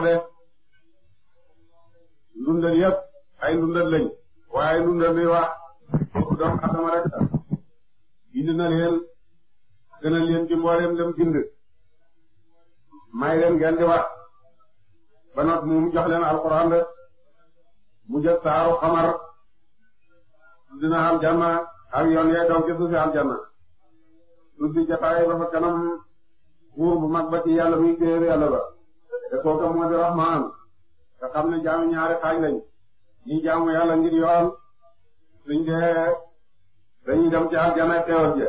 wax de ndundal yëpp ay ndundal lañ waaye ndundal luy wax doomu adama rek la na leen gën a leen ci mbooleem lam bind may leen ngeen wax ba not mu jox leen alxuraan de mu jël saaru xamar dina am janna ak yoon yay daw ci suufi am janna tuddi jataay ba fa kanam buur bu mag ba ci yàlla muy téere yàlla ba te kooka moo di rahmaan xam ne jaamu ñaari xaaj lañ ñi jaamu yàlla ngir yool suñ dee dañuy dem ci àjjana teewal ja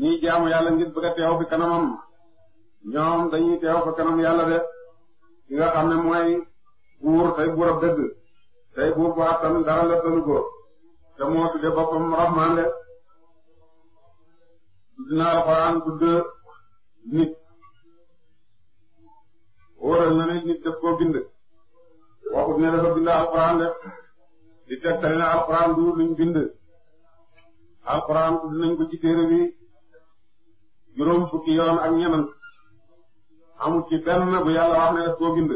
ñi jaamu yàlla ngir bëgg a teew fi kanamam ñoom dañuy teew fa kanam yàlla de ki nga xam ne mooy buur tey buur ab dëgg tey buur bu attan dara la tënu ko te moo tudde boppam rahmaan de tudd na alxuraan tudd nit wóoral na ne nit def koo bind waxut ne dafa bind alxuraan def di tegtale ne alxuraan du luñ bind alxuraan tudd nañ ko ci téere bi juróom fukki yoon ak ñeneen amul ci benn bu yàlla wax ne daf koo bind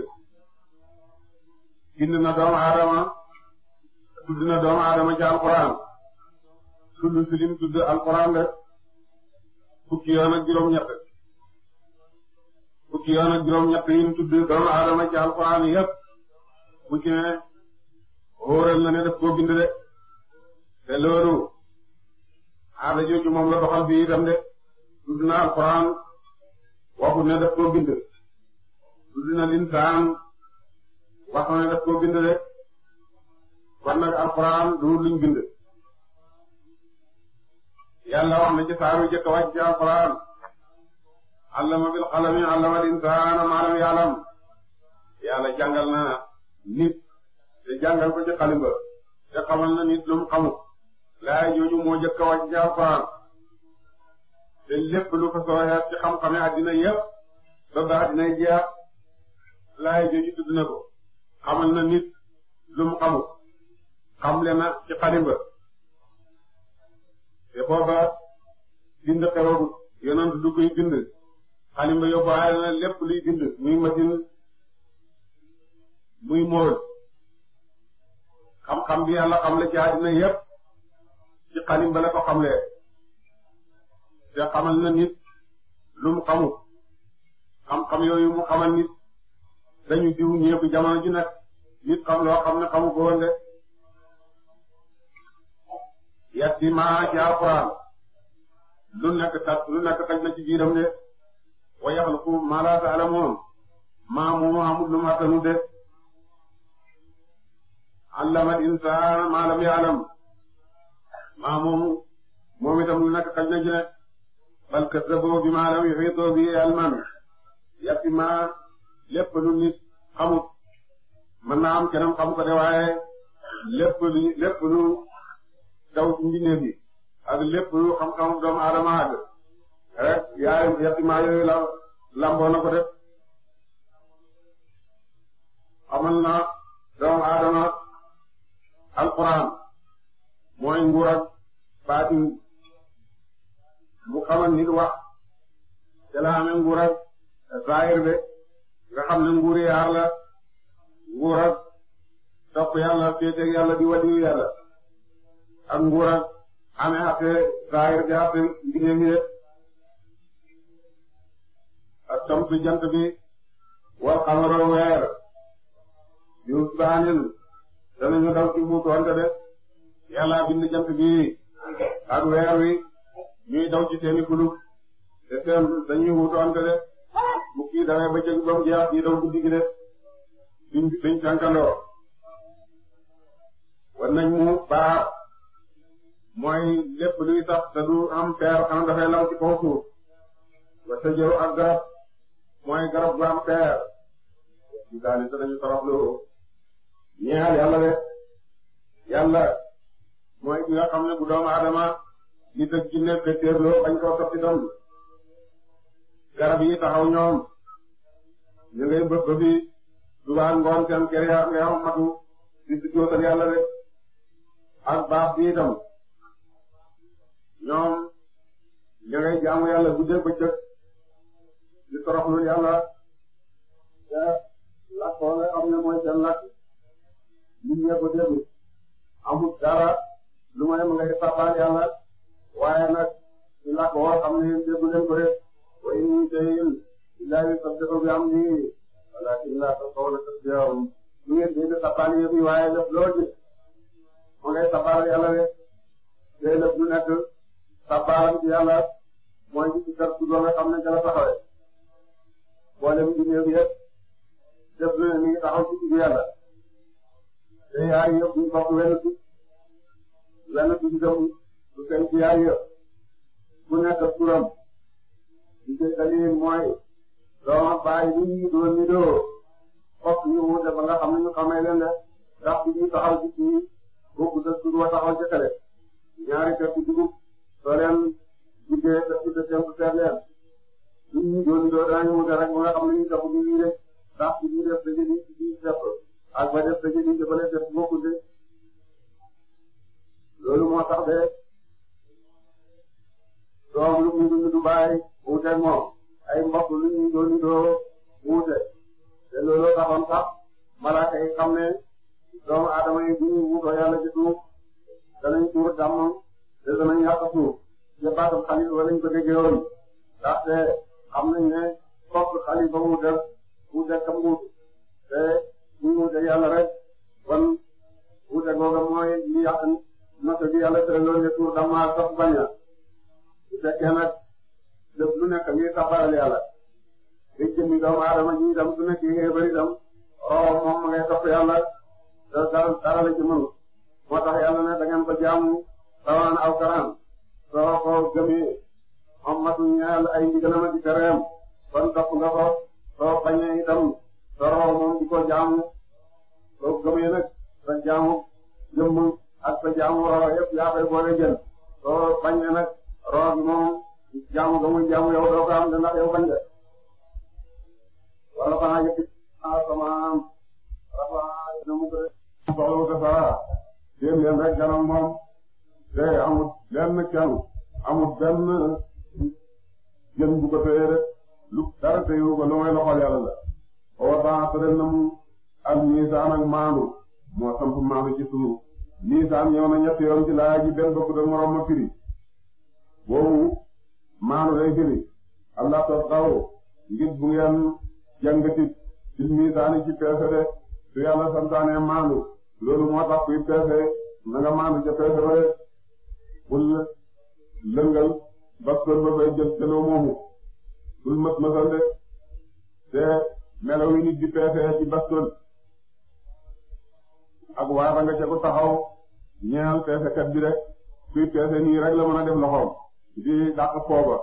bind na doomu aadama tudd na doomu aadama ci alxuraan tudd si lim tudd alxuraan la fukki yoon ak juróom ñett fukki yoon juróom-ñett yi tudd doomu aadama ci alxuraan yëpp bu ne wóoral na ne daf koo bind de te loolu aada jooju moom la doxal bi itam de tudd na alxuraan waxut ne daf koo bind tudd na linsaan wax na ne daf koo bind de kon nag alxuraan du luñ bind yàlla wax na ci saaru jëkk wàcc ci alxuraan allama bil qalami allama al insaana maa lam ya'lam yàlla nit te jàngal ko ci xalimba te xamal nit lu mu xamut laay jooju moo jëkk ci alxuraan te lépp lu ko sooxeet ci xam-xame addina yépp da ba addinay jeex laay jooju tudd ko xamal nit lu mu xamut xamle na ci xalimba te booba bind xeroogut yonent du koy bind xalim ba yóbbaale na lépp luy bind muy machine muy mool xam-xam bi yàlla xamle ci àddina yépp ci xalim la ko xamlee te xamal na nit lu mu xamut xam-xam yooyu mu xamal nit dañu diw ñépp jamono ji nag nit xam loo xam ne xamu ko woon de yatti maa ci lu nekk tat lu nekk taj na ci biiram de wa yaxluqu maa laa ta'lamuun maa moomu amul lu mu attanu de maa lam ya'lam maa moomu moom itam lu nekk xaj na ci nekk bal kazzabu bimaa lam yuhiitu bihi ilman yàppi maa lépp lu nit xamut mën naa am keneen xamu ko de waaye lépp lu lépp lu daw ci mbindeef yi ak lépp lu xam-xamu doomu aadama àgg rek eh, yaay yatimaa yooyu la lamboo na ko def xamal na doomu aadama alquran mooy nguur ak baatin mu nit wax te la amee nguur ak zahir be xam ne nguuri yaar la nguur ak topp yàlla féeteeg yàlla di wàllu yàlla ak nguur ak amee affaire zahir bi affaire liggéey bi tudd jant bi wal xamara weer yusbaanil danañu daw ci buutoonte de yàlla bind jant bi ak weer wi ñuy daw ci seeni kulub te seen dañuy wuutoonte de bu kii dawee ba jëg bam jeex kii daw guddi gi de duñ duñ tànkandoo war nañ mu baax mooy lépp luy sax te du am peer xam dafay law ci kaw suuf wa sa jëru ak garab mooy garab gu am peer ñu daal di dañu toroxlu ñeexal yàlla de yàlla mooy ki nga xam bu doomu aadama li dëgg ci nekk teerloo bañ koo topp itam garab yi taxaw ñoom ñu ngay bëgg ba fi subaa ngoon seen kër yaa ngay matu di duggootal yàlla de ak baax bi itam ñoom ñu jaamu yàlla guddee bëccëg di toroxlu yàlla te lakk wala am na mooy seen lakk nit ñee ko déglu amul dara lu may mu ngay sabbal yàlla waaye nag ci lakk woo xam ne déglu leen ko rek waaye ñu ngi tey illa yi sax dëkk bi am ni wala illa sax xaw na sax diwaan ñu ngi dégg sabbal yëpp yi waaye lépp loo gis mu ngay sabbal yàlla rek day lépp lu nekk sabbalam ci yàlla mooy ci kër gi nga xam ne ca la taxawee. mboolem bindéef yëpp def na ni ngi taxaw ci digg yàlla te yaay yëpp ñu bokk wenn bi wenn bi ci yaay ku nekk turam li koy dalil mooy dooma bàyyi li ñu ni doo fokk ñu wute ba nga xam ne ñu xamee leen de ndax bi ñu taxaw ci kii bokku sa wa taxaw ci xale ñaari kër ci dugub soo leen liggéey daf ci sa seen su seet leen ñun ñu doon doon daañu wute rek ba nga xam ne ñu def bu ñu rek ndax bu ñuy def daje nii bu ñuy def ak ba def daje nii dafa lay def ak miisaan ak maandu moo samp maandu ci suuf miisaan ñëw na ñett laaya ji benn bokkut moroom ma boobu maandu lay firi allah tasxaw ngir bu ngeen jàngati ci miisaan yi ci peese de su yàlla santaane maandu loolu moo tax kuy peese na maandu ca peese ba de bul lëngal baston ba fay jël jëloo moomu bul mët mësal de te melaw yi nit peese ci baston ak waaba nga ca ko taxaw ñeel peesekat bi rek kuy peese nii rek la mën a def loxoom di dàq fooba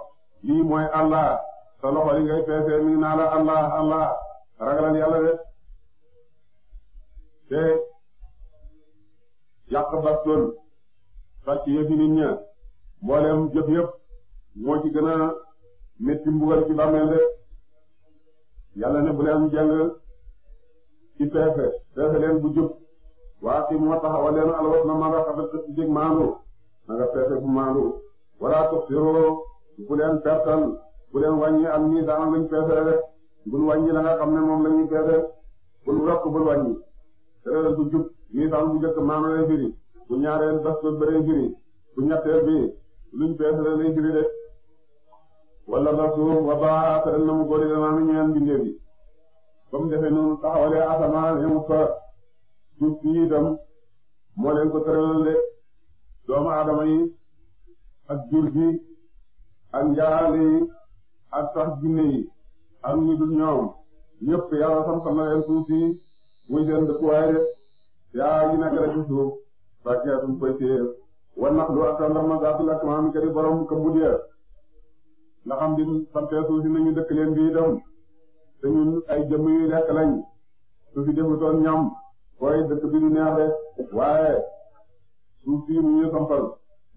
lii mooy allah sa loxo li ngay peese mi ngi naa la allah allah ragalal yàlla de te yàq baston sàcc yëfi nit ña mboolem jëf yëpp moo ci gën a metti mbugal ci bàmmeel de yàlla ne bu leen jàng ci peese peese leen bu jub waa fi moo taxawal leen alwat na ma nga xam ne maandu na peese bu maandu wala tuxsiroo bu leen pertal bu leen wàññi am nii daanam luñ peese rek bul wàññi la xam ne moom la ñuy peese bul yokk bul wàññi réer bu jub nii bu njëkk maandu lay firi bu ñaareel bas bu bëree firi bu ñetteel bi luñ peese rek lay firi de wala basu wa baa te na mu góor yi damaa mi ñeen bindee bi ba mu defee noonu taxawalee asamaan yi mu fa suuf si itam moo leen ko tëralal de doomu aadama yi ak jur gi ak njaaraale yi ak sax jinne yi ak ñi dul ñoom ñëpp yàlla sam na leen suuf si muy seen dëkkuwaay de yaa ngi nekk rek ci suuf fakihatun fakihatun wa naxlu ak tàndarma zaatul akmaam kari borom këmbut ya nga xam di sante suuf si nañu dëkk leen bi itam te ñun ay jëmm yu lekk lañ su fi defutoon ñam koy dëkk bi du neex de waaye suuf mu ñu sampal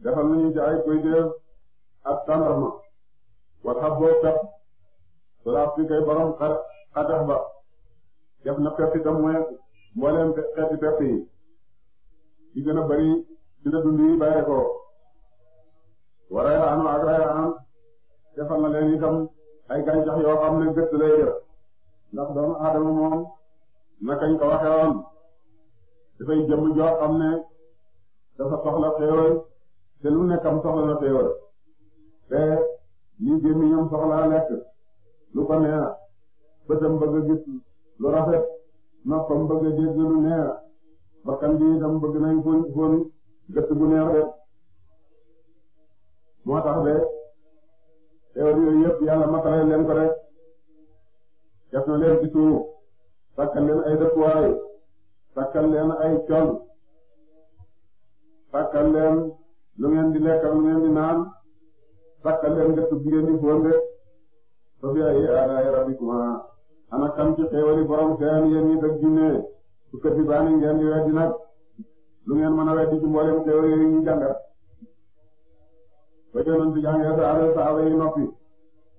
defal nañu ci ay koy def ak tàndarma war xab boo pepp solaaf si kay borom xat xatax ba def na pepp itam mooy mbooleem xeeti pepp yi di gën a bari ci la dund yi bàyyi ko waray raanu ak ray raan defal na leen itam ay gàncax yoo xam ne gëtt lay def ndax doomu aadama moom nakañ ko waxee woon dafay jëm joo xam ne dafa soxla xéewal te lu nekkam soxla na xéewal te lii gémmiñam soxlaa lekk lu ko neex bëtam bëgg gis lu rafet noppam bëgg a dégg lu neex bakkan bi itam bëgg nañ fon fon gëtt gu neex de moo tax de xéewal yooyu yëpp yàlla matalay leen ko de def na leen ci suuf sàkkal leen ay dëkkuwaay takkal leen ay col takkal lu ngeen di lekk lu ngeen di naan takkal leen gëstu bi ngeen di fonde fa bi ay aadaay rabbikuma ana kam ci xéewali borom seen yéen ñi dëgg jinne su kët bi baani ngeen di weddi lu ngeen mën a weddi ci mboolem xéewal yooyu ñu jàngat ba jonoon bi jàngee saare saaba yi noppi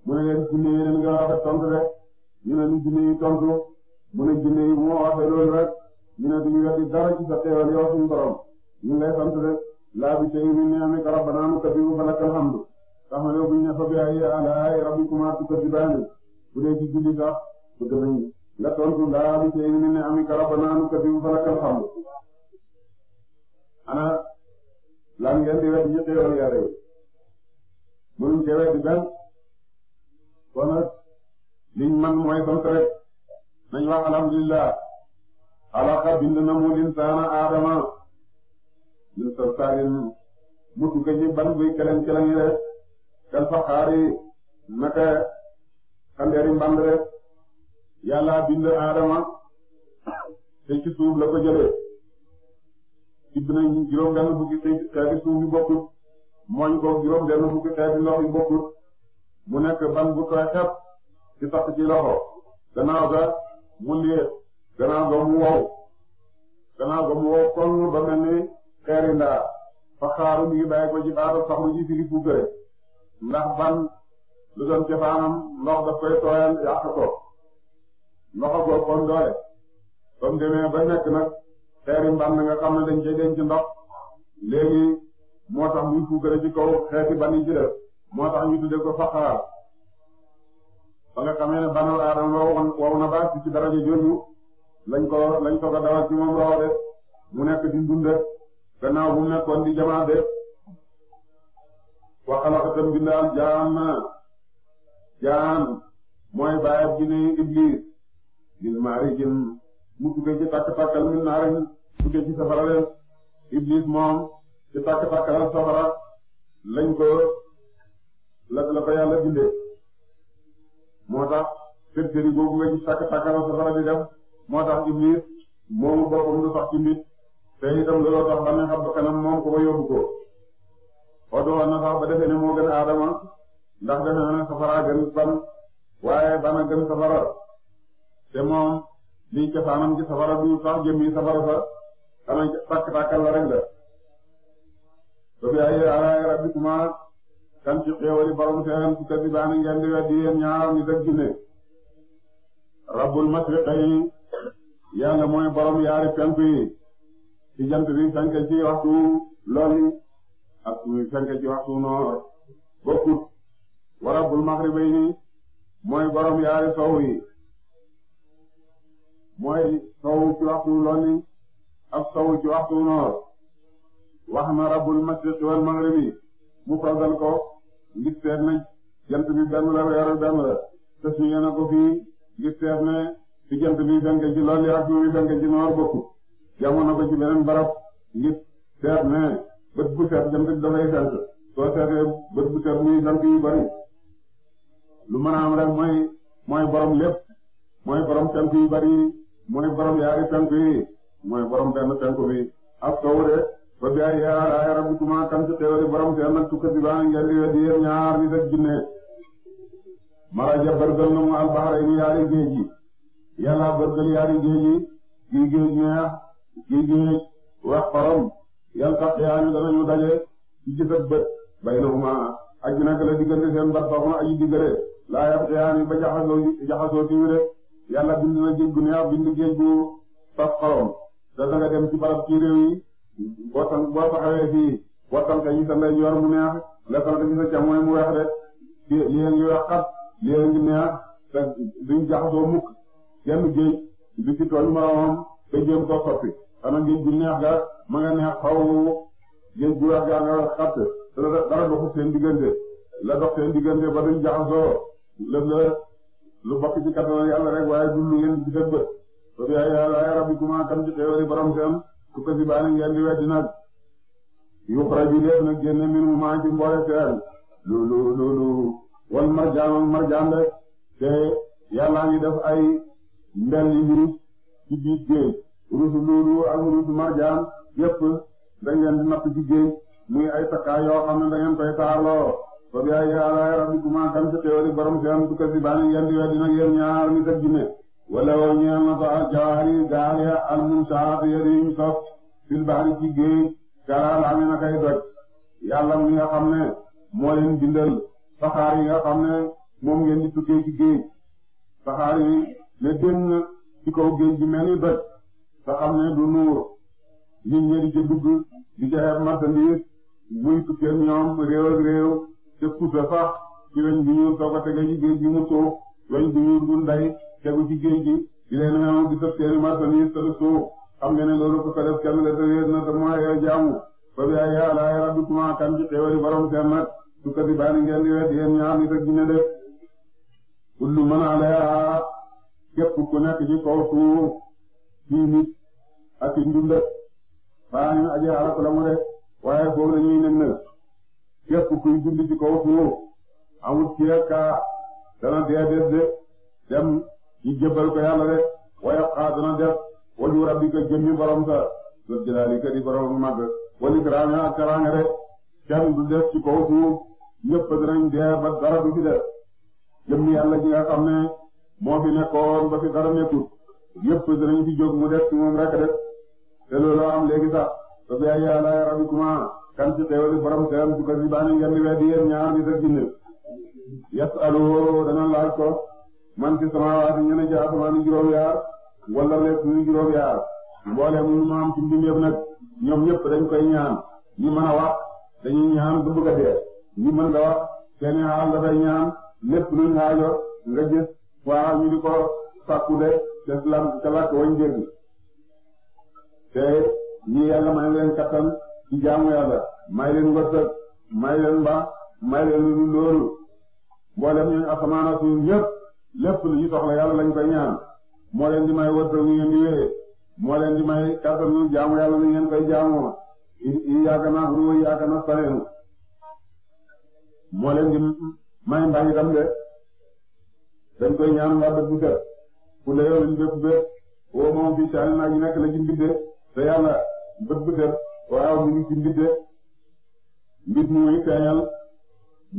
mu ne leen jinne yi leen nga rafet tontu rek ñu ne jinne yi tontu mu ne jinne yi moo waxee loolu rek ñu ne duñu weddi dara ci sa xéewal yow suñu borom ñu ngi lay sant de laa bi tey ñu ne amee karab banaa nu kaddibu fa lakal hamdu tax na yow bu ñu ne fa bi ay alaay rabbikumaa tukaddibaani bu dee ci julli sax bëgg nañu nga tontu laa bi tey ñu ne amee karab banaa nu kaddibu fa lakal hamdu ana lan ngeen di weddi ci xéewal yàlla yi mënuñ cee weddi benn kon nag liñ man mooy sant rek nañ wax alhamdulillah xalaqa bind na mu linsaana aadama min salsaalin mu dugg ci ban buy keleng keleng rek kal faxaari naka xandeeri mband rek yàlla bind aadama te ci la ko jëlee bind na juróom benn fukki xeeti suuf yu bokkut mooñ ko juróom benn fukki xeeti ndox yu bokkut mu nekk ban bu xep ci sax ci loxo gannaaw ga mu liir gannaaw ba mu wow gannaaw ba mu ba mel ni xeeri ndaa fa xaaru mi ko ci baata saxru ji firi fukkare ndax ban lu doon cosaanam ndox daf koy tooyal ko ndox ko kon doole ba demee ba nekk nag xeeri mbann nga xam ne dañ cey denc ndox léegi moo tax muy fukkare ci kaw xeeti ban yi ci moo tax ñu tudde ko ba nga xamee ne banal aadama wow na baat ci daraja jooju lañ ko lañ ko dawal ci moom raw de mu nekk di dund gannaaw bu nekkoon di jamaa de wa xalaqatam bindal jaan jaan mooy baayab bi ne iblis bil maarijin mu tukkee ci takk takkal min naarin tukkee ci safara de iblis moom ci takk takkal safara lañ ko la la ko yàlla bindee moo tax fër fëri boobu nga ci takk takkal safara di def moo tax iblis moomu boppam du sax ci mbir te itam looloo tax ba ne xam kanam moom ko ba yóbbu ko odoon na sax ba defe ne moo gën aadama ndax defe na safara gën ban waaye bana gën safara te moom lii cosaanam ci safara du sax jëmmi safara sa xanaa takk takkal la rek la ba bi ay alaay rabbikuma kan ci xéewali borom seen ci kër bi baa ngeen di weddi yéen ñaar ñu dëgg ne rabbul masriqayni yàlla mooy borom yaari penku yi ci jant bi fenk ci waxtu looli ak fenk ci waxtu noor bokkut wa rabbul maxribayni mooy borom yaari sow yi mooy sow ci waxtu looli ak sow ci waxtu noor wax na rabbul mashriqi wal maghribi mu fagal ko ngir seet na jant bi benn la weeru benn la te su ñu ko fii ngir seet ne ci jant bi fenk ci loolu ak bi fenk ci noor bokkut jamono ko ci beneen barab ngir seet ne bët bu seet jant bi dafay fenk soo seetee bët bu seet muy jant yu bari lu mën a am rek mooy mooy borom lépp mooy borom fenk yu bari mooy borom yaari fenk mooy borom benn fenk bi ak kaw de ba bi ay yaaraay rabbikuma kan ci xéwali borom seen nag tukkat baa ngeen di weddi ñaar ni rek jinne mara jabar gël na mu albaxara yi yaari géej yi yàlla bëggal yaari géej gi géej neex gi géej wax xorom yàlla tax yaani danañu daje ci gisab bët bay na huma aji nag la diggante seen bat foofu na aji diggale laa yàpp yaani ba jaxasoo jaxasoo rek yàlla bind na géej neex bind géej saf xorom te danga dem ci barab ci réew yi boo fii boo tan ka yi sa ndey neex lekkal ka ci sa cam mooy mu weex de lii ngi weex xat lii ngi neex te duñ jaxasoo genn géej du ci tooñ moromam te jéem ko soppi xanaa géej gu neex ga ma nga neex xaw géej gu weex ga nga xatt te dara doxul seen diggante la dox seen diggante ba duñ jaxasoo lëf la lu bokk ci kattan yàlla rek waaye du lu ngeen ci seen bët ba bi ay ay rabbikuma tam ci xéewali borom seen su ko si ngeen di weddi nag yu xaraju def nag génne mbir mu maa ci mboole seen lu lu lu lu wal marjaan marjaan rek te yàlla ngi def ay ndel yi wurus ci biir géej wurus luulu ak wurus marjaan yépp dañ leen di napp ci géej muy ay takkaay yoo xam ne da ngeen koy taarloo ba bi ay alaay rabbikumaa kan ci xéewali borom seen du ko si baani di weddi nag yéen ñaar ni tëj ne wala woo na ko ak jawaari gaal ya al munshaat yuñ sof fil bahri ci géej gaal amee na kay doj yàlla mi nga xam ne moo leen bindal saxaar yi nga xam ne moom ngeen di tukkee ci géej saxaar yi ne génn ci kaw géej gi mel ni bët te xam ne du nuur nit ñi di ci dugg di joxe marchandise muy tukkee ñoom réew réew te kuusa sax ci weñ bu ñuul soo ko tegee ci géej gi mu suux weñ bu ñuul gun day tegu ci géej gi di leen xew di tëb seeni marchandise te du suux xam nga ne loolu ko ko def kenn la te réer na te moo xew jaamu ba bi ay alaay rabbikuma kan ci xewali borom seen nag su ko di baani ngeen di wet yéen ñaar nit ak dina def kullu man alayha képp ku nekk ci kaw suuf ci nit ak ci ndunda baa ñu aje alak la de waaye foofu la ñuy nënd képp kuy dund ci kaw suuf amul ceeb kaa dana dee des de dem ñu jëbbal ko yàlla de waaye xaa dana def waju rabbika jëmmi borom sa loolu jëlaali ka di borom mag wali garaame ak garaange kenn du def ci kaw suuf ñëpp danañ dee ba dara ci def jëmmi yàlla ji nga xam ne moo fi nekkoon ba fi dara nekkul yëpp dinañ fi jóg mu def ci moom rek def te loolu am léegi sax ba bi ay yàlla rabbikuma kan ci teewali di weddi yéen ci sama waati ñu ne ci asamaani juróom-yaar wala leeg ma am ci mbindeef nag ñoom a wax dañuy ñaan du a da wax seen nga gis waa ñu ngi ko sàkku de des la te làkk wañ dégg te ñi yàlla may leen kattan ci jaamu yàlla may leen wërsëg may leen ba may leen lu loolu mboolem ñu asamaan ak suuf lépp lu ñu soxla yàlla lañ koy ñaan moo leen di may wërsëg ñu ngeen di wéyee moo leen di may kattan jaamu yàlla ñu ngeen koy jaamoo iyyaka na'budu wa iyyaka nasta'in moo leen di may mbañ itam de dañ koy ñaan yàlla bu set ku layoo ñu def bés woo moom fii caani naa nekk la ci mbite te yàlla bët bu set waaw ñu ngi ci mbite mbit mu muy feeñal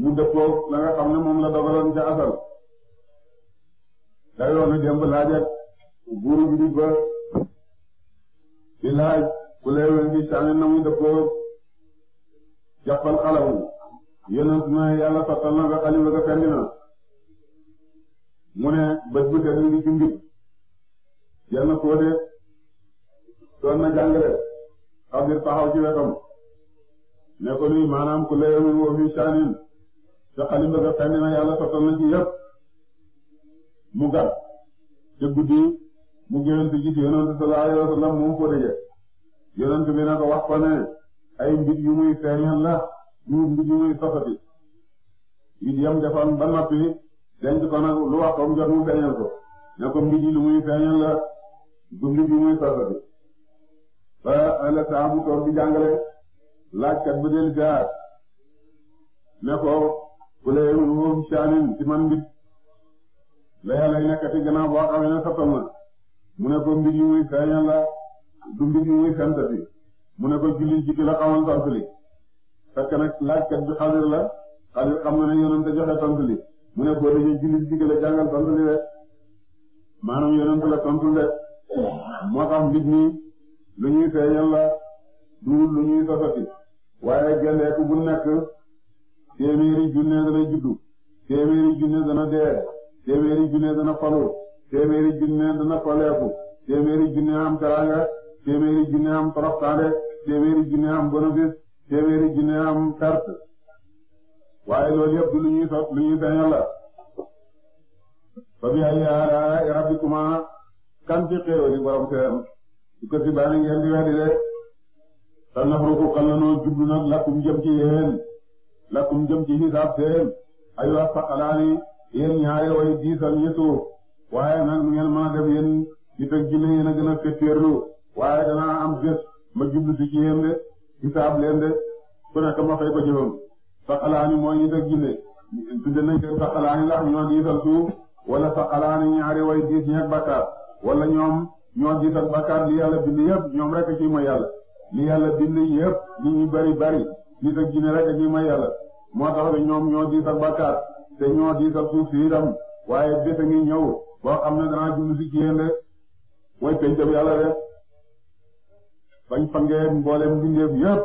mu dëppoo la nga xam ne moom la dogaloon ca asal dayoo na démb laajat buuru bi di ba laaj ku layoo fii caani na muy dëppoo jàppal xalamu yonent na yàlla sottal na nga xalifa nga fendi na mu ne bët bu tedd ngi ci njub jël na kóode doon na jàngale xadir taxaw ci wetam ne ko luy maanaam ku leerul woo fi saanin sa xalim bëgg a yàlla sottal na ci yëpp mu gat ci guddi mu génn ci gis yonent sallallahu alayhi wa sallam moom foo dëje bi na ko wax ko ay mbir yu muy feeñal la ñu mbir yu muy sofati it yam defan ba noppi denc ko nag lu wax comme jot mu feeñal ko ne ko mbiji lu muy feeñal la du mbiji muy sosati ba mu toog laajkat ba del gaar ne ko ku lay woo saanin ci man mbit la yàlla nekkati gannaaw boo xam ne sottal na mu ne ko mbiji muy feeñal la du mbiji muy fentati mu ne ko jullit jikki la xamal tontali fekk nag laajkat bi xadir la xadir xam na ne yonente joxe tontali mu ne boo déggee jullit bi gën a jàngal sant bi rek maanaam yonent la sant de moo tax nit ñi lu ñuy feeñal la du lu ñuy sosati waaye gendeeku bu nekk téeméeri junne dana juddu téeméeri junne dana dee téeméeri junne dana falu téeméeri junne dana faleeku téeméeri junne am teraanga téeméeri junne am toroxtaande téeméeri junne am bénéfice téeméeri junne am perte waaye lool yëpp du lu ñuy sopp lu ñuy feeñal la fa bi ay aalaay rabbikuma kan ci xéewali borom seen su ko si baani ngeen di weddi de sa nafruku xal na noo jublu nag lakkum jëm ci yéen lakkum jëm ci xisaab seen ay wax saqalaani yéen ñaare way diisal ñi suuf waaye ngeen mën a def yéen ñi teg jinne yéen a gën a fetteerlu waaye danaa am gës ma jublu si ci yéen de xisaab leen de ku nekk ma fay ko jëfam saqalaani mooy ñu suuf wala saqalaani ñaari way diis ñeeg bakkaar wala ñoom ñoo diital bakkaar li yàlla bind yëpp ñoom rek ci mooy yàlla li yàlla bind yëpp nit ñu bari bari nit ak jinne ci mooy yàlla moo tax bi ñoom ñoo diital bakkaar te ñoo diital suuf si itam waaye bés ngi ñëw boo xam ne danaa jublu si ci yéen rek mooy pencam yàlla rek bañ fangee mboolem bindeef yëpp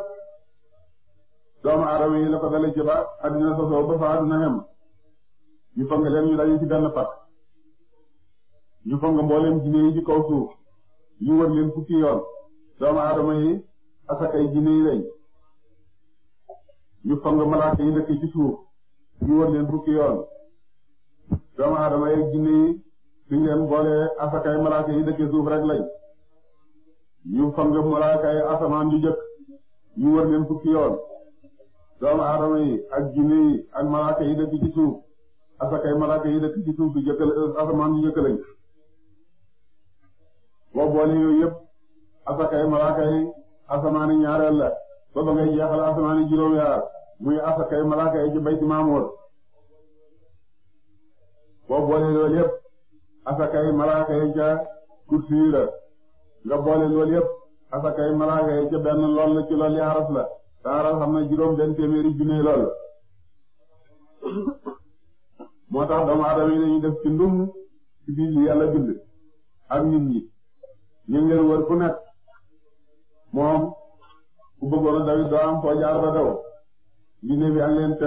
doomu aadama yi la ko dalee ci ba addina sosoo ba fa addina xem ñu fang leen ñu dañu ci benn pat ñu fang mbooleem jinne yi ci kaw suuf ñu wër leen fukki yoon doomu aadama yi asakay jinne yi lañ ñu fang malaaka yi dëkk ci suuf ñu wër leen fukki yoon doomu aadama yi jinne yi suñ leen boole asakay malaaka yi dëkk suuf rek lañ ñu fang malaaka yi asamaan ju jëkk ñu wër leen fukki yoon doomu aadama yi ak jinne yi ak malaaka yi dëkk ci suuf asakay malaaka yi dëkk ci suuf du jëkkal asamaan du boo boole yooyu yëpp asakay malaaka yi asamaani ñaareel la ba ba ngay jeexal asamaani juróom yaar muy asakay malaaka yi ci bayti boo boole loolu yëpp asakay malaaka yi ca kursi la nga boole loolu yëpp asakay malaaka yi ca benn lool ci lool yi la saaral xam na juróom benn téeméeri junne lool moo tax doomu aadama yi def ci ndum ci biir li yàlla bind ak nit ñi ñu wër ku nekk moom ku bëggoon dawit doo am foo jaar daw junne bi am nekk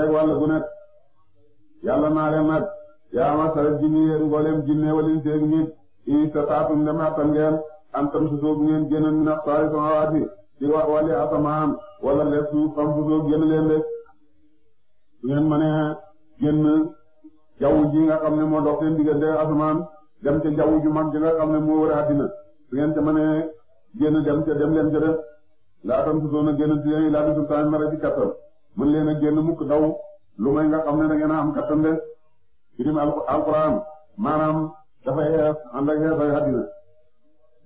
yaa ma saret junne yéen mbooleem junne walin seeg i sa taatum dem attan ngeen antam su soobu ngeen génnoon mi naf saari sama waati di wax wàllu asamaan wala les suuf fanfusoo génn leen de su ngeen mënee génn jaww ji nga xam ne moo dox seen diggante asamaan dem ca jaww ju mag ji nga xam ne moo wër àddina su ngeen ca mënee génn dem ca dem leen ca def laa fanfusoo na génn ci yéen laa di sultaan mara ci kattan mën leen a génn mukk daw lu may nga xam ne da ngeen a am kattan de firim alquran maanaam dafay xees ànd ak xees ak àddina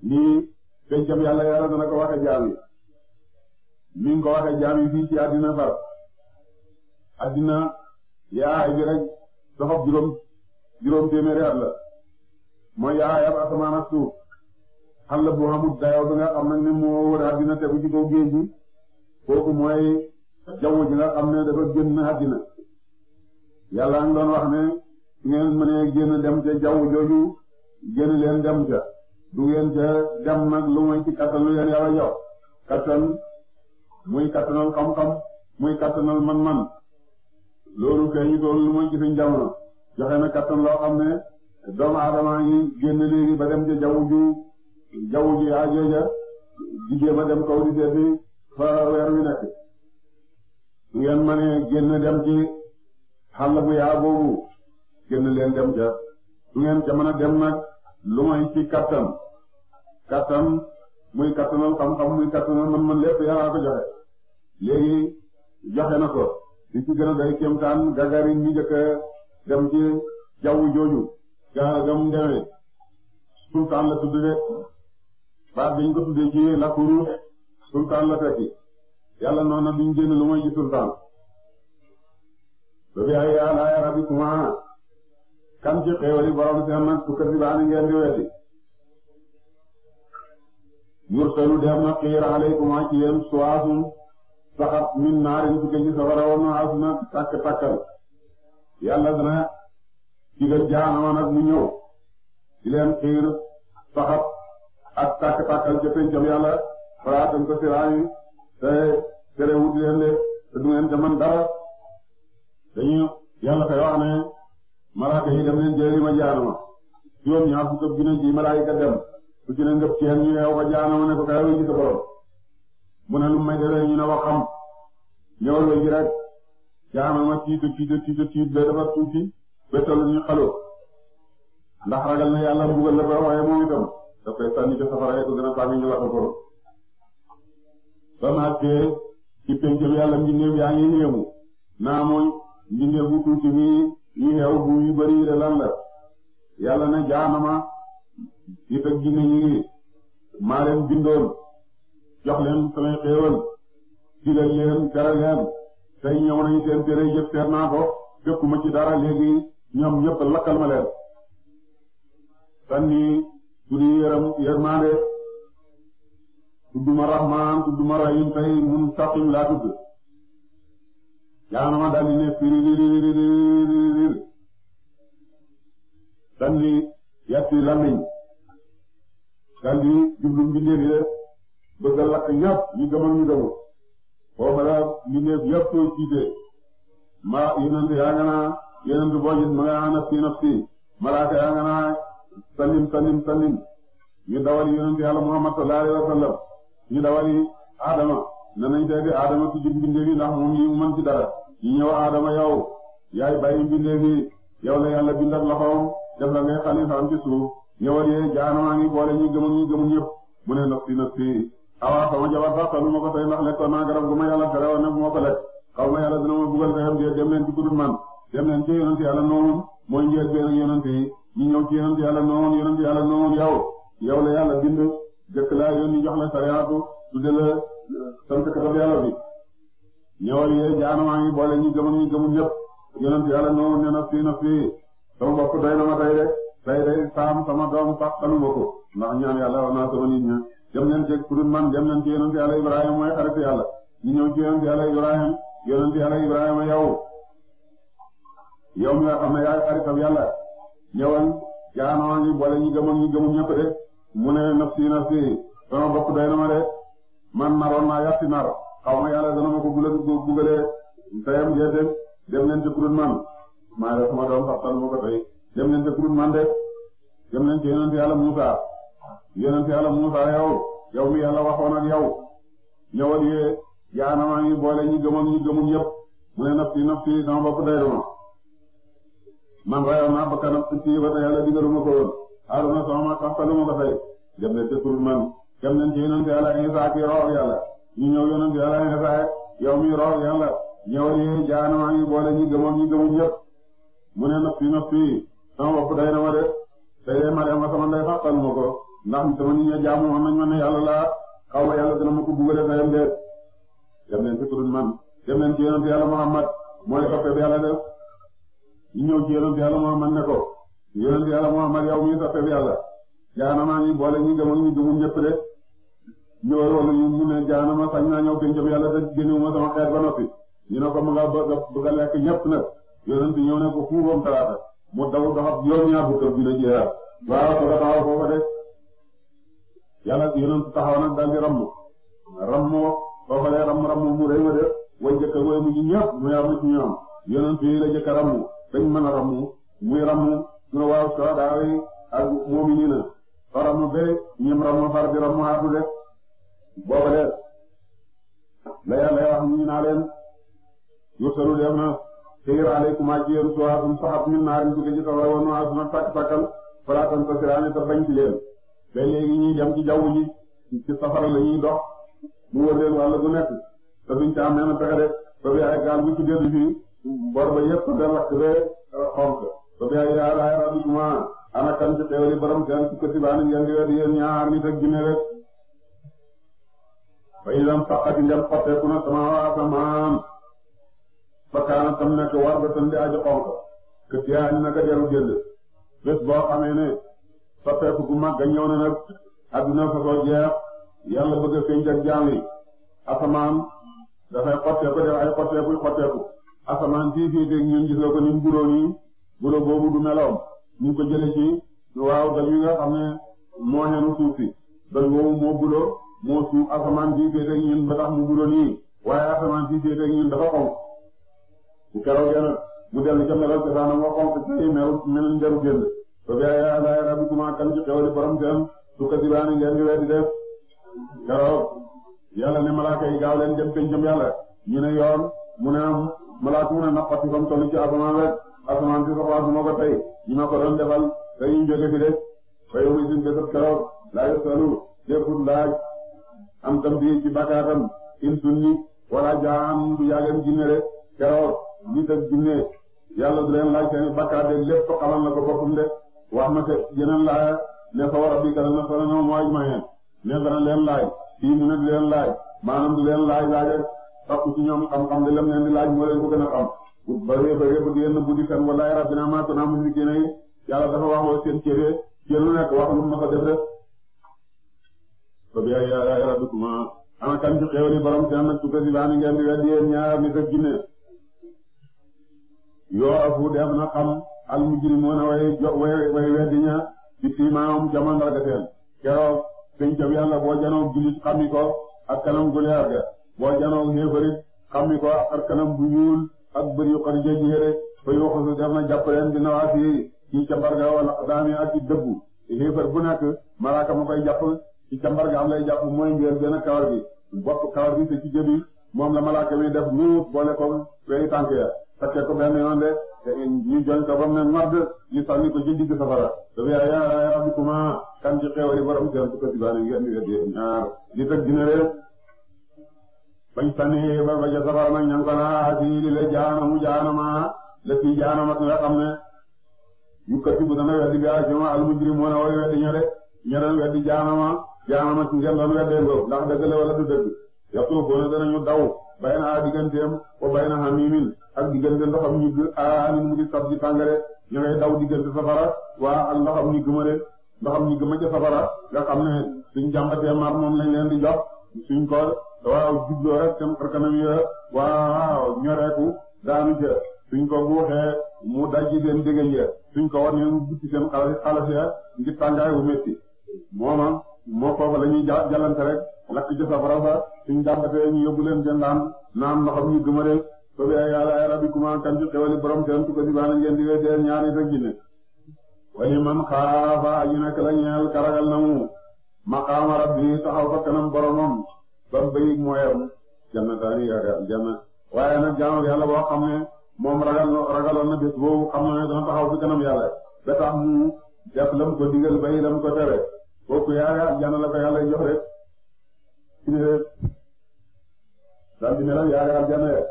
lii pencam yàlla yàlla dana ko waxe jaam yi niñ ko waxe jaam yi fii ci àddina far àddina yaay bi rek doxab juróom juróom téeméeri la mooy yaayab asamaan ak suuf xal la bu xamut dayo bi nga xam nag ne moo wër àddina tegu ci kaw géej gi mooy jaww ji nga xam ne dafa génn àddina yàlla ngi doon wax ne su ngeen mënee génn dem ca jaww jooju génn leen dem ca du ngeen ca dem nag lu moy ci kattanu leen yàlla jox kattan muy kattanal xam-xam muy kattanal man-man loolu feeñu doon lu muy ci suñ joxe na kattan loo xam ne doomu aadama yi génn léegi ba dem ca jaww ji jaww ji a dem kaw di seeti fa weer wi nekk ngeen ma génn dem ci xàll bu yaa boobu génn leen dem ca su ngeen ca dem nag lu may ci kattan kattan muy kattanal xam-xam muy kattanal mën-mën lépp yàlla ko joxe léegi joxe na ko li ci gën a doy kéemtaan gagarin mi njëkk a dem ci jaww jooju ga gam demee sultaan la tudd de baat bi ñu ko tuddee ci la kuru sultaan la fekki yàlla noonu na duñ génn lu mooy ci sultaan ba bi ay yàlla ay rabi kuma kan ci xéewali borom seen nag tukkati baa ni ngeen di weddi yursalu def na xiir alaykum ci yéen suwaasum saxar min naarin ci ci safara wa naas na takk takkal yàlla dana digal jaanama nag mu ñëw ci leen xiir saxar ak takk takkal ca pencam yàlla faraatam ko siraani te terewut leen de te du ngeen jaman dara dañu yàlla fay wax ne malaaka yi dem leen jëli ma jaanama juróom ñaar fukk ak junni ji malaayika dem ku ci ne ngëp ceen ñu yeew ko jaana ne ko kay way ci sa borom mu lu may defee ñu ne ko xam ñëwal way ji rek jaana ma tiit tiit tiit tiit dafa tuuti ba toll ñu xaloo ndax ragal na yàlla mbugal la ko waaye moom itam da koy sànni ca safara yi ko gën a sànni ñu lakk ko ba ci pencam yàlla mbindeef yaa ngi xéemu naa mooy mbindeef bu tuuti bi yi xeew bu yu bari de yàlla ne jaanama itam jinne yi maa leen bindoon jox samay xéewal digal leen tere leen tey ñëw nañu seen tere jëf seet naa ko fekkuma ci dara léegi ñoom ñëpp lakkal ma leen sanni suñu yërëm yërmaande tudduma rahmaan tudduma rahim tey mun saqim laa tudd jaanama daal ne fiririririr sanni yetti lammiñ daal jublu mbindeef yi de bëgg a lakk ñëpp ñu gëmal ñu gëmul foofu la mbindeef yëpp tiitee ma yonent yaa nga naa yonent boo gis ma nga naa nafsi nafsi malaaka yaa nga naa salim salim salim ñu dawal yonent yàlla Muhammad sallallahu alayhi ñu dawal Adama na nañ tey de Adama ci jub mbindeef yi ndax moom lii mu mën ci dara ñu ñëw Adama yow yaay bàyyi mbindeef yi yow la yàlla bind ak loxoom def la ngay xalifaam ci suuf yow de jaanama ngi boole ñi gëmul ñi gëmul ñëpp mu ne nafsi nafsi awa sama jabar sax taluma ko tey ndax lekkoon naa garab gu ma yàlla tere ne bu ma ko lekk xaw ma yàlla dina ma bugal fexem de dem leen ci kudul man dem leen ci yonent yàlla noonu mooy njël been ak yonent yi ñu ñëw ci yàlla noonu yonent yàlla noonu yow yow yàlla bind jëkk laa yónni jox la sariyaatu tudde la sant katab yàlla bi ñëwal yee jaanamaa boole ñi tey day saam sama doom sax xalu ma ko ndax ñaan yàlla war naa sama nit ña dem leen ci ku man dem leen ci yonent yàlla Ibrahima mooy xarit yàlla ñu ñëw ci yonent yàlla Ibrahima yonent yàlla Ibrahima yow yow mi xam ne yaay xaritam yàlla ñëwal jaanoo ñu boole ñu gëmoon ñu gëmoon ñëpp de mu ne nafsi nafsi sama bopp doy na ma de man naroon naa yàtti nar xaw ma yàlla dana ma ko gula gugalee tayam jeete dem leen ci ku man maa def sama doom dem leen ca groupe man de dem leen ca yonent yàlla Muusa yonent yàlla Muusa yow yow mi yàlla waxoon ak yow ñëwal yee jaana maa ngi boole ñi gëmoon ñi gëmul yëpp mu ne nafti nafti sama bopp dayruma man rayoon naa bakkanam ci ba te yàlla digaluma ko woon Aaruna sama taxtaluma ko tey dem leen ca groupe man dem leen ca yonent yàlla Isaa ki roog yàlla ñu ñëw yonent yàlla Isaa yow mi roog yàlla ñëwal yee jaana maa ngi boole ñi gëmoon ñi gëmul yëpp mu ne nafti nafti sama bopp day na ma de tey de ma de ma sama ndey fàttal sama nit ñi jaamu woon ma ne yàlla laa xaw ma yàlla dina mu ko mu a lekk ñëpp nag yonent ñëw ne ko fuubam talaata mu daw doxab juróom-ñaar bu kër gi la jeexal waaw su la taxaw foofa de yàlla yonent taxaw nag daal di rammu rammu foofa lay mu rëy ma de way jëkk way mu ñu ñëpp mu yar na ci ñoom yonent yi la jëkk rammu dañ mën a rammu muy rammu su waaw soo daawee ak moom yi nii fa rammu bee ñoom rammu far bi rammu haatu de booba de la yàlla wax ñu naa leen yursalu def na aleykum ci yéen suwaatum saxab min naarin tukkee ci safara woon waa suna tàkk tàkkal tasiraani te bañ ci leen ba léegi ñuy dem safara la ñuy dox mu wër leen wàll bu nekk bi ay gaal bu ci dellu fii bor ba yëpp da lakk ba xonk ba bi ay alaay rabbikuma ana kan ci xewli borom seen ci baani ngeen di weddi yéen ñaar nit ak jinne rek ba ilam saqati ndem waa asamaan fa kaana tam nekk war ba tam di aji xonk que tiyaani naka deru jënd bés boo xamee ne soppeeku gu mag ga ñëw na nag adduna fa soo jeex yàlla bëgg a feeñ ak jaam yi asamaan dafay xotteeku def ay xotteekuy xotteeku asamaan fii fii dégg ñun gis nga ko ni mu nii buróo boobu du meloom ñu ko jëlee ci waaw dal nga xam ne moo xeenu suuf si dal woowu moo buróo moo suuf asamaan fii fii dégg ñun ba tax mu buróo nii waaye asamaan fii fii dégg ñun dafa xonk bu keroog yàlla mu dellu ca melal cosaanam nga xonq tey melu mel njaru génn ba bi ay alaay rabbikuma kan ci xewali borom seen su ko dibaani di weddi def keroog yàlla ne malaaka yi gaaw leen jëm pencam yàlla ñu ne yoon mu ne am mu ne naqati fam tollu ci asamaan rek asamaan si soxlaa suma ko tey ñu ma ko doon defal te ñu jóge fi de fay muy sin bésab keroog laay salu dépput laaj am tam di ci bakkaatam in sunni wala jaan nit ak jinne yàlla du leen laaj seen bakkaar de lépp xamal na ko boppam de wax ma te yeneen laaya ne fa war a bi la na fa na mooy mayeen ne dana leen laaj fii mu ne du leen laaj maanaam du leen laaj laaj rek sakku ci ñoom xam-xam de lam leen di laaj moo leen ko gën a xam bu bëree bëree bëgg buddi kan walaay rabbi naa maa tanaa musrikiina yi yàlla dafa waxoo seen cëree ci lu nekk wax lu ma ko def rek ba bi ay ay rabbikuma ana kan ci yoofu def na xam al mujrimuna way jo way way weddi ña ci tiimaam jamono dargateen keroog sëñ jëm yàlla boo janoog jullit xammi ko ak kanam gu leer ga boo janoog xéefarit xammi ko ak kanam bu ñuul ak bëri yu xar jéegi rek fa yoo xasu def na jàpp leen di nawaati ci cambarga wala daami ak ci dëbbu xéefar bu nekk malaaka ma koy jàpp ci cambarga am lay jàpp mooy mbir gën a kawar bi bopp kawar bi te ci jëbi moom la malaaka mi def nuut boole ko weyi takke ko benn ñu joñ ko mu ne ŋodd ñu sànni ko ci digg safara dafa yaa rabbikuma kan ci xeewali borom seen su ko sibaane ngi andi weddi ñaar di teg dina jaanamu jaanama la fii jaanama nga xam ne yukkatiku dana weddi bi ajuma al mujrimuna way weddi ña de ña doon weddi jaanama jaanama ci ngeen doon weddee ndax dëgg la wala du dëgg yàqu ko ne danañu daw bay na digganteem wa bay na hamimin ak diggante ndoxam ñu gë aanin mu di sab di tàngare ñu ngay daw diggante safara waa ak ndoxam ñu gëmale ndoxam ñu gëma ca safara nga xam ne suñ jàmbatee mar moom lañ leen di jox suñ ko waaw jubloo rek seen xarkanam ya waaw suñ ko guuxee mu dajji seen déggañ ya suñ war ne mu butti seen xalas xalas la ñuy jalante rek sa suñ jàppatee ñu yóbbu leen jënd am naam loxo bi ñu gëmale ba bi ay yàlla ay rabbi kuma kan ci xewali borom seen tukka si baal ngeen di weeseel ñaari fekk jinne wali man xaafa aji nekk la ñeel karagal na mu maqaama rabbi taxaw fa kanam boromam ba mu bëy mooyam jannataani yaakaar janna waaye nag jaamu yàlla boo xam ne moom ragal ragaloon na bés boobu xam ne dana taxaw fi kanam yàlla ba tax mu def lam ko digal bay lam ko tere kooku ci daal di melal yaa garab jàmm yëpp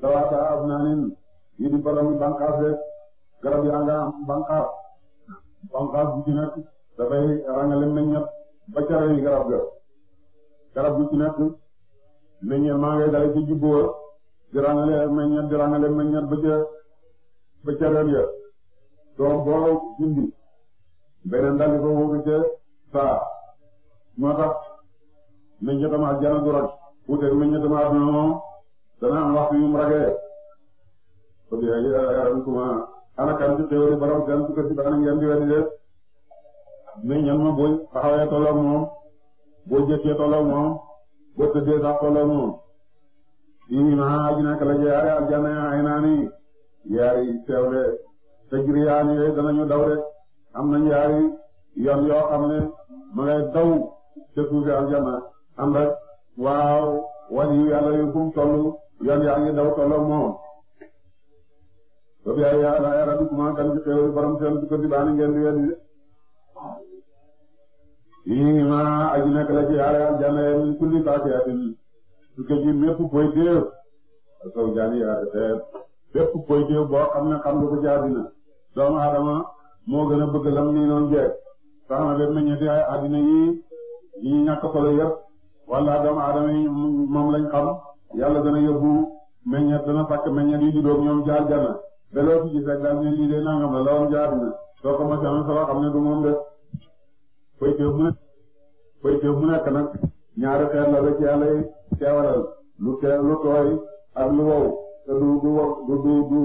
dawaata af naa nin di borom bànqaas rek garab yaa nga am bànqaas bànqaas bu nekk dafay rangale meññat ba care garab ga garab bu nekk meññat maa ngay dale ci jubboo di rangale meññat di rangale meññat ba ca ya doom boo indi beneen dal di ko wutu ca saa moo tax meññatam aljana du rag wuuteeg meññatam àdduna moom dana am waxtu yu mu ragee ko di yaram kuma ana kan ci yaari aljana ay naani yaari teew de tajriyaan yooyu daw de am nañ yaari yoo xam ne ma daw ca suufi aljana ànd ak waaw wàll yu yàlla yu gum toll yoon yaa daw tolloo moom. loolu yaay yàlla ay rajo commencé ci xéwal borom seen dugub bi baal ngeen di weddi. yii ma aji nekk la ci yaay aljanna yi kulli faakihatin su ko ji mépp koy déew soo jaani yaa te bépp koy déew boo xam ne xam nga ko ci àddina doomu aadama moo gën a bëgg lam nii noonu jeex sax na bépp meññeeti ay àddina yi yi ñàkk solo yëpp. wala doomu aadama yi moom lañ xam yàlla dana yóbbu meññeet dana fàkk meññeet yi di doog ñoom jaar jana ba fi gis rek daal ne lii de nangam la lool jaar na soo ko mos a solo xam ne du moom de foyteef mu mu nekk nag ñaari xeer la ba ci yàlla lu tee lu tooy ak lu wow du du du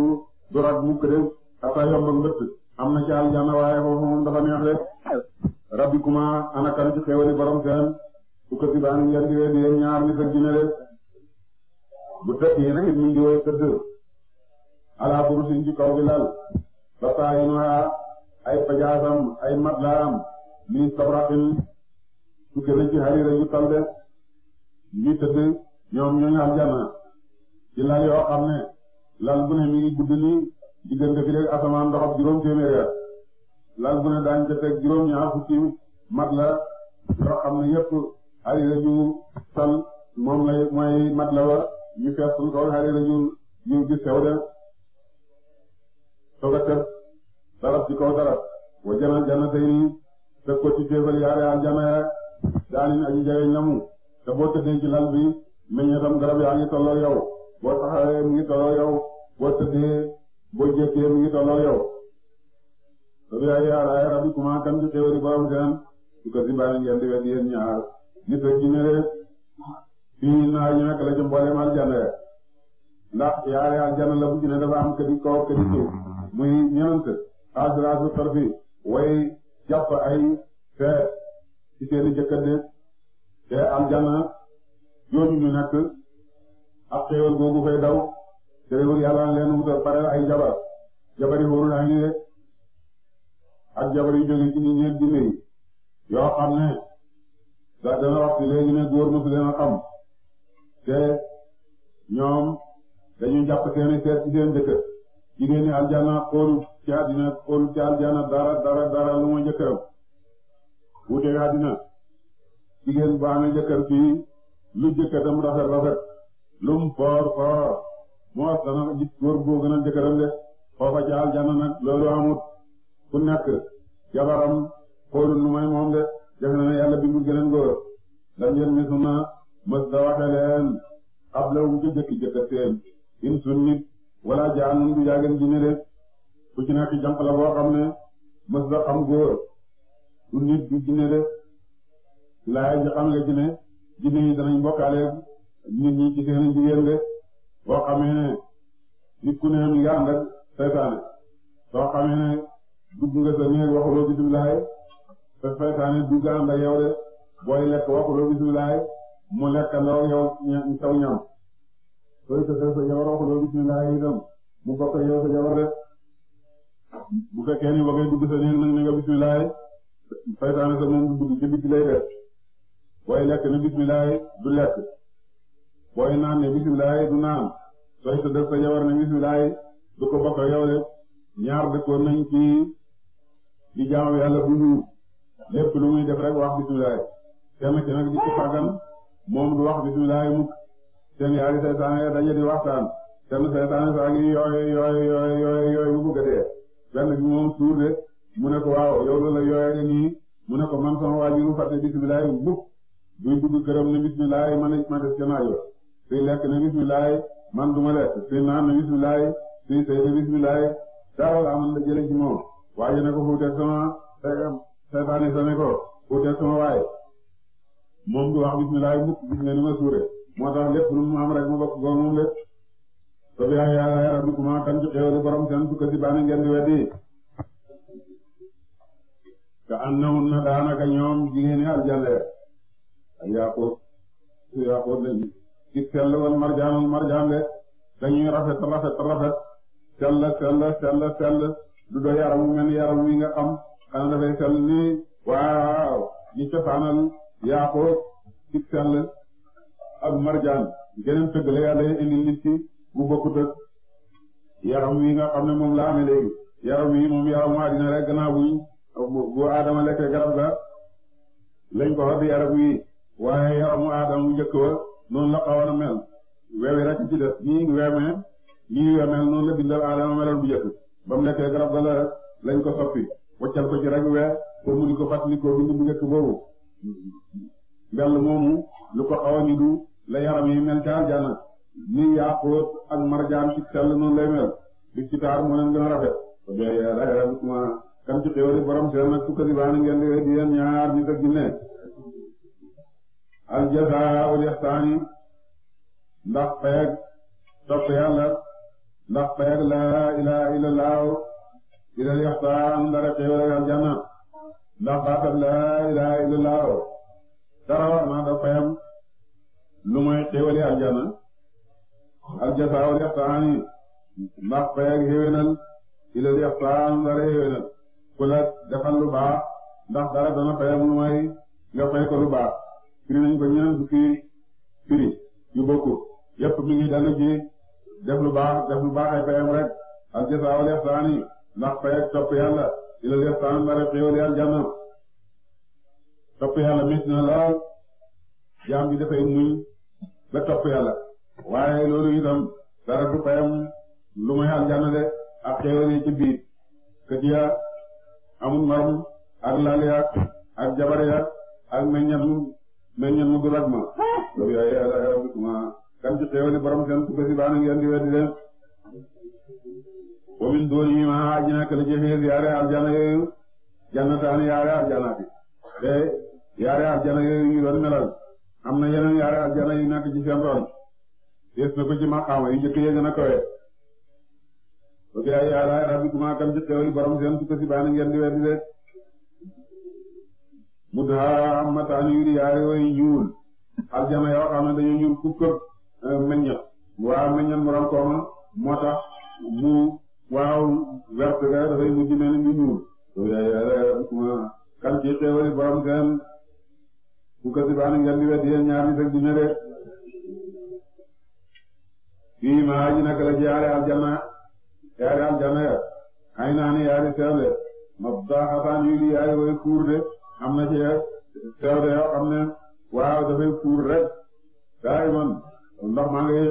du rag mukk de xataa yomb ak mbëtt am na ci àll jana waaye foofu moom dafa neex rek rabbikuma ana kan ci xéwali borom seen. su ko si baax ngeen di weesoo ñaar ñu tëdd dina bu tëdd yi nag mu ngi tëdd ala furusin ci kaw bi lal ba saa yu ay pajaasam ay matlaam lii sabraqin su kene ci harira yu talde ñuy tëdd ñoom ñooñu aljanna ci lal yoo xam ne lal bu ne mi ngi gudd nii diggante fi rek asamaan ndoxam juróom téeméeri lal bu ne daañu ca juróom ñaar fukki mat la yoo xam ne yëpp. harira ju sal moom lay mooy mat la wa ñu fees suñu tool harira ju ju ju sew de soog a tëb darab ci kaw darab wa jana jana tey nii ko ci kéefal yaare aljana ya daanin aji jaweñ la mu te boo tëddee ci lal bi meññeetam garab yaa ngi tolloo yow boo taxawee mu ngi tolloo yow boo tëddee boo jekkee mu ngi tolloo yow te bi ay yaaraay rabbi kuma kan ci xéwari borom seen su ko simbaale ngeen di wet yéen ñaar nit ak jinne de fii naar ñu la ci mbooleem aljanna ya ndax yaari la bu ci dafa am këdi kaw këdi suuf muy ñeent asiraasu tarfi way jàpp ay fe ci seeni jëkkër te aljanna jooju nekk ak xéewal googu fay daw terewul yàlla na leen wutal pare ay jabar jabari wóorul ay ni ak jabar yu jóge ci nit ñeent jinne yi yoo xam ne da dana wax ci léegi ne góor mosu leen a xam te ñoom dañuy jàpp seeni seet jëkkër jigéen ñi aljanna ci àddina xoolu ci aljanna dara dara dara lu muy jëkkëram wuuteeg àddina jigéen bu amee jëkkër fii lu jëkkëram rafet rafet lum foor foor mu wax dana gis góor boo gën jëkkëram de foofa ci aljanna nag loolu amut ku nekk jabaram xoolu nu may moom de joxe na yàlla bi mu gënal góor lam yen mi suma mës da waxe leen xabla wu jëkk jëkk seen in sun nit wala jaanun du yàggeen jinne de ku ci nekk jànq la boo xam ne mës da xam góor du nit du jinne de laay ji xam nga jinne jinne yi danañ bokkaale nit ñi ci seen jigéen de boo xamee ne nit ku ne mi nga ànd ak seytaane soo ne dugg nga sa néeg waxuloo bisimilaay te saytaane du ànd ak yow de booy lekk waxuloo bisimilah mu lekk ndaw yow ña caw ñam sooy tësee sa jabar waxuloo bisimilah itam mu bokk ak yow sa jabar de bu fekkee ni ba ngay dugg sa néeg nag ne nga bisimilah saytaane sa moom du dugg ci biti def booy lekk ne bisimilah du lekk booy naan ne bisimilah du naan sooy tëddee sa jabar ne bisimilah du ko bokk ak yow de ñaar dëkkoon nañ ci di yàlla bu ñu. lépp lu muy def rek wax bismillah kenn ci nag ci fàggan moom du wax bismillah mukk seen yaari seytaane ya di waxtaan kenn seytaane saa ngi yooye yooye yooye yooye yooye bu bëgg a dee benn bi moom suur de mu ne ko waaw yow la la yooye nii mu ne ko man sama waajuru fàtte bismillah mukk buy dugg këram ne bismillah man a man a seenaajo suy lekk ne bismillah man duma lekk suy naan ne bismillah suy sëy ne bismillah dara la amal la jële ci moom waaye seytaane sa ne ko utee sama waay moom du wax bismillah mukk gis ma suure moo tax lépp lu mu am rek ma bokk ko moom lépp so bi ay ay rabbikuma kan ci xéewali borom seen sukka si baane ngeen di weddi ka annahunna daanaka ñoom jigéeni aljanna ay yaakoot su yaakoot lañu ci sell wal marjaanul marjaan le dañuy rafet rafet rafet sell sell sell sell du do yaram mel yaram wi nga xam xanaa dafay sell ni waaw ni cosaanal Yaaqub ci sell ak marjaan geneen tëgg la yàlla indi nit ki bu bokkut ak yaram wi nga xam ne moom la amee léegi yaram wi moom yaramu àddina rek gannaaw bu aadama lekkee garab ga lañ ko xoddi yaram wi waaye yaramu aadama bu njëkk wa noonu la xawoon a mel wewi rek ci def nii weemee nii weemeel noonu la bindal aadama meloon bu njëkk ba lekkee garab ga la lañ ko soppi waccal ko ci rek weer pour mu di ko fàttali ko bind bu njëkk boobu mbell moomu lu ko xaw a nidu la yaram yi mel ca aljana ni yaaxóot ak marjaan ci sell noonu lay mel bi moo leen gën a rafet beyarabikuma kam ci xéwali borom seen nag tukka di baana di wéy di yéen ñaar nit ak jinne aljaza wal ndax payag topp yàlla ndax payag la ilaha illallah di leen yaxtaan dara xéewal ak janna ndax baatab laa ilaaha illallah dara war naa da fayam lu mooy xéewali ak janna ak yaxtaan yi ndax fay ak xéewénal yaxtaan dara xéewénal ku la defal lu baax ndax dara dana fayam lu mooy nga fay ko lu baax firi nañ ko ñeneen bu fii yu bokku yépp mi ngi dellu ci def lu baax def lu baax ay rek ak jasaawal yaxtaan yi ndax fay ak topp yàlla di la taan bare xéewal yàlla topp yàlla métti na lool jaam bi dafay muñ ba topp yàlla waaye loolu itam dara du fayam lu muy aljanna de ak xéewal ci biir kët ya amul marum ak lal ya ak jabar ya ak meññan mu du rag ma ah! loolu ci xéewal borom seen ku besi baana ngeen di de wa min dooni ma aji na kala jefeer yaare aljana yooyu jannataani yaare aljanaati te yaare aljana yooyu yu doon melal am na yeneen yaare aljana yu nekk ci seen ron des na ko ci maqaama yu njëkk yee gën a kawe ba bi ay yaare rabbikuma kam ci xewal borom seen su baani ngeen di weddi de mudhammataani yu di yaare yooyu ñuul aljana yoo xam ne dañu ñuul kub këp waa meññat mu ron moo tax mu waaw verte ga dafay mujj mel ni ñuul kan ci xéewali borom seen bu kasi baani ngeen wet yéen ñaar ñi dina de fii ma aji nak la ci yaari aljanna ay naani yaari sew de ma baaxataan yu yaari way fuur de am na ci sew de yoo xam waaw dafay fuur rek daay man ndox maa ngay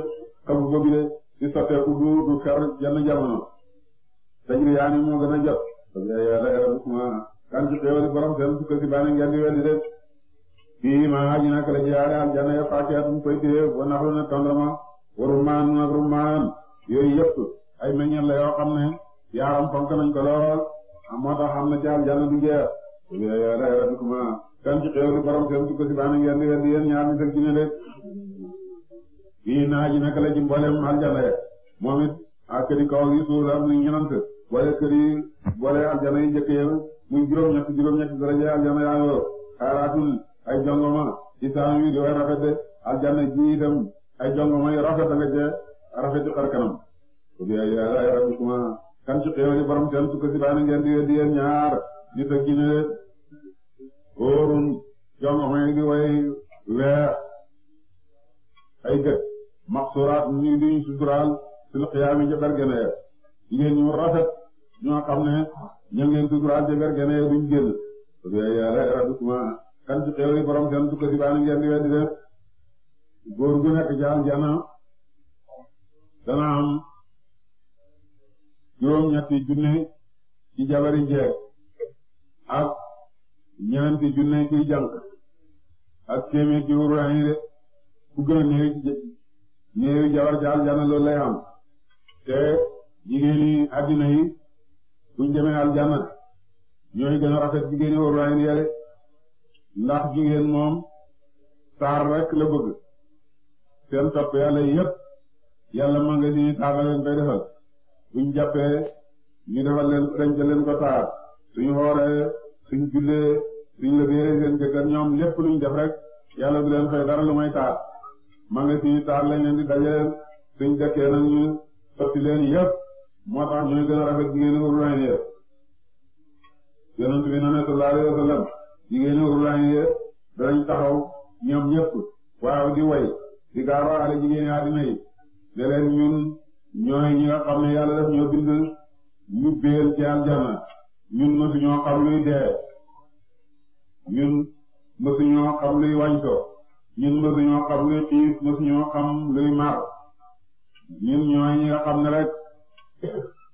xabu ba de di sottee du du fer jenn tajriyaani moo gën a jot parce que yàlla borom seen sukka ci bànne ngeen di weddi de fii ma aji nak yaare aljanna ya faakiyatum koy téye wa naxlu na tondama wa rummaan nak rummaan yooyu yëpp ay meññal la yoo xam ne yaaram fonk nañ ko lool ah, moo tax xam na ci aljanna du jeex parce que yàlla yarabukuma kan ci xéewali borom seen sukka ci bànne ngeen di weddi yéen ñaar ni sëg jine de fii ma aji nak la ci mboolem aljanna ya moom it ak di kaw yi suuf la am ni ñenant boole kër yi boole aljana yi njëkk muy juróom-ñett juróom-ñett daraja aljana yaa ay jongoma ci saa yu dafay rafet de aljana ji ay jongoma yu rafet nga cee rafetu xar kanam. bi ay ay rabbikuma kan ci xéewali borom seen sukk si baana ngeen di di yéen ñaar di sa jongoma yi way weer ay gët maxsuraat ñu di suturaal sil xiyaami jabar gene jigéen ñu rafet ñoo xam ne ña ngeen dugg rajo bi rek gën génn kan ci xéwal yi borom seen dugg ci góor gu nekk jaan jana dana juróom-ñetti junne ci jabari ak ñeenti junne ci de ku gën a jabar jaan jana loolu lay am te jigéen addina yi. buñ demee aljanna ñooy gën a rafet jigéen yi warulaay ni yele ndax jigéen moom taar rek la bëgg seen topp yàlla yépp yàlla ma nga nii taar la leen koy defal buñ jàppee ñu defal leen ko taar suñu xooree suñ jullee suñ la seen jëkkër ñoom lépp luñ def rek yàlla du leen fay dara lu may taar ma nga taar lañ leen di dajaleel suñ dëkkee nag ñu sotti leen yépp moo tax ñooy gën a rafet jigéen ñi urulaay yéen taxaw ñoom ñëpp waaw di way di gaaroo ale jigéen ñi àddina yi de ñun ñooy ñi nga xam ne yàlla def ñoo bind ñu béel ci aljanna ñun mësu xam luy dee ñun mësu xam luy wañto ñun mësu xam luy xiif mësu xam luy mar ñun ñooy ñi nga xam ne rek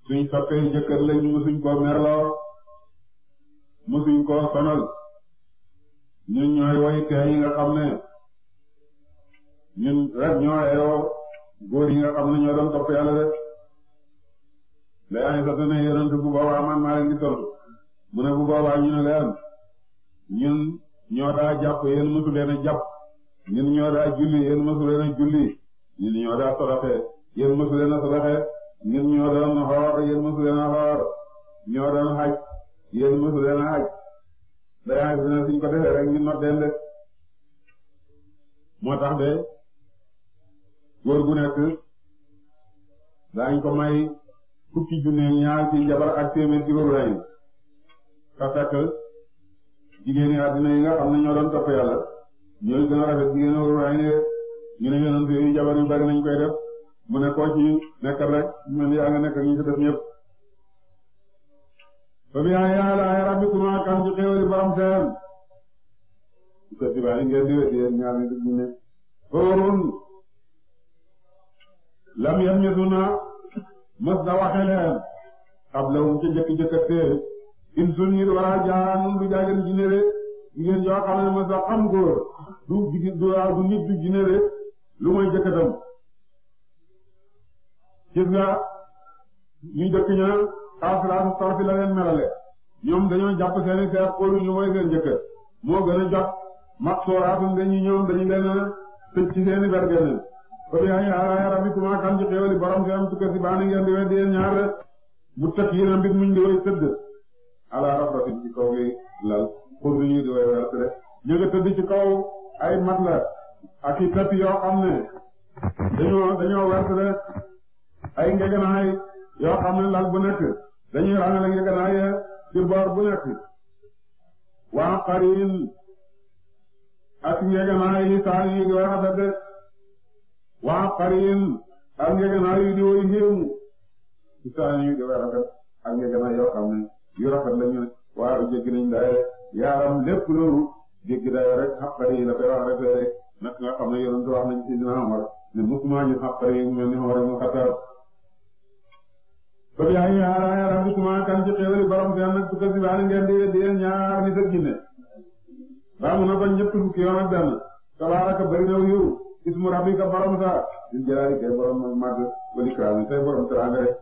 suñ soppee jëkkër lañ musuñ koo merloo musuñ koo sonal ñun ñooy way teey nga xam ne ñun rek ñoo eeyoo góor yi nga xam ne ñoo doon topp yàlla de dayaani sax dana yonent bu boobaa man maa leen di tontu mu ne bu boobaa ñu leen ñun ñoo daa jàpp yéen musu jàpp ñun ñoo daa julli yéen musu julli ñun ñoo daa saraxe yéen musu leen ñun ñoo doon xoor yéen mosu xoor ñoo doon xaj yéen mosu xaj dayaa gis suñ ko defee rek ñu not leen moo tax de góor gu nekk daañ ko may fukki junne ñaar ci jabar ak téeméer ci góor ka fekk jigéen yi yi nga xam ne ñoo doon topp yàlla ñooy gën a rafet jigéen góor lañ ñu ne yonent yi jabar yu bari nañ koy def mu ne koo ci nekkal rek man yaa nga nekk ñu ci def ñëpp ba bi ay alaay rabbikuma kan ci xéewali borom seen su ko dibaay ngeen di wéddi yéen ñaar ni dugg ne fóorun lam yam ñu duna mës da waxe leen xablawum ca jëkk jëkkatee in sunit wara jaan du jaagan jinére jigéen joo xam ne mës da xam góor du jigéen du nit du jinére lu mooy jëkkatam gis nga ñu jëkk ña kaafiraatu torofi la leen melale ñoom dañoo jàpp seeni seet xoolu ñu mooy seen jëkkër moo gën a jot mat sooraatum dañuy ñoom dañu leen a tëj ci seeni bergene ko bi ay alaaya rabbikumaa kan ci xéewali borom seen tukka si baani ngeen di weddi ñaar rek mu tëkk yi na mbir muñ di way tëdd ala rabratin ci kaw gi lal xur ñu di way wert rek ñu tëdd ci kaw ay mat la ak i tappi yoo xam ne dañoo dañoo wert rek ay ngegenaay yoo xam ne lal bu nekk dañuy rangale ngegenaay ci boor bu nekk waa xarin ak ngegenaay yi saan yi yoo waa xarin ak ngegenaay yu di woy xéemu ci saan yi yoo ak ngegenaay yoo xam ne yu rafet lañu waa jéggi nañ yaaram lépp loolu jéggi daye rek xaqari yi la koy nga xam ne yonentu wax nañ ci dina Umar ne musuma ñu xaqari yi mel mu Xattaab ba bi ay yaaraaya rabbikuma kan ci xéewali borom seen nag su ko si ngeen di weddi yéen ñaar nit ak jinne baa mun na ko ñett fukki yoon ak benn tabaaraka bari na yiw ismu rabbika borom sa di jalaali kay borom mag wali kraam yi say borom teraanga rek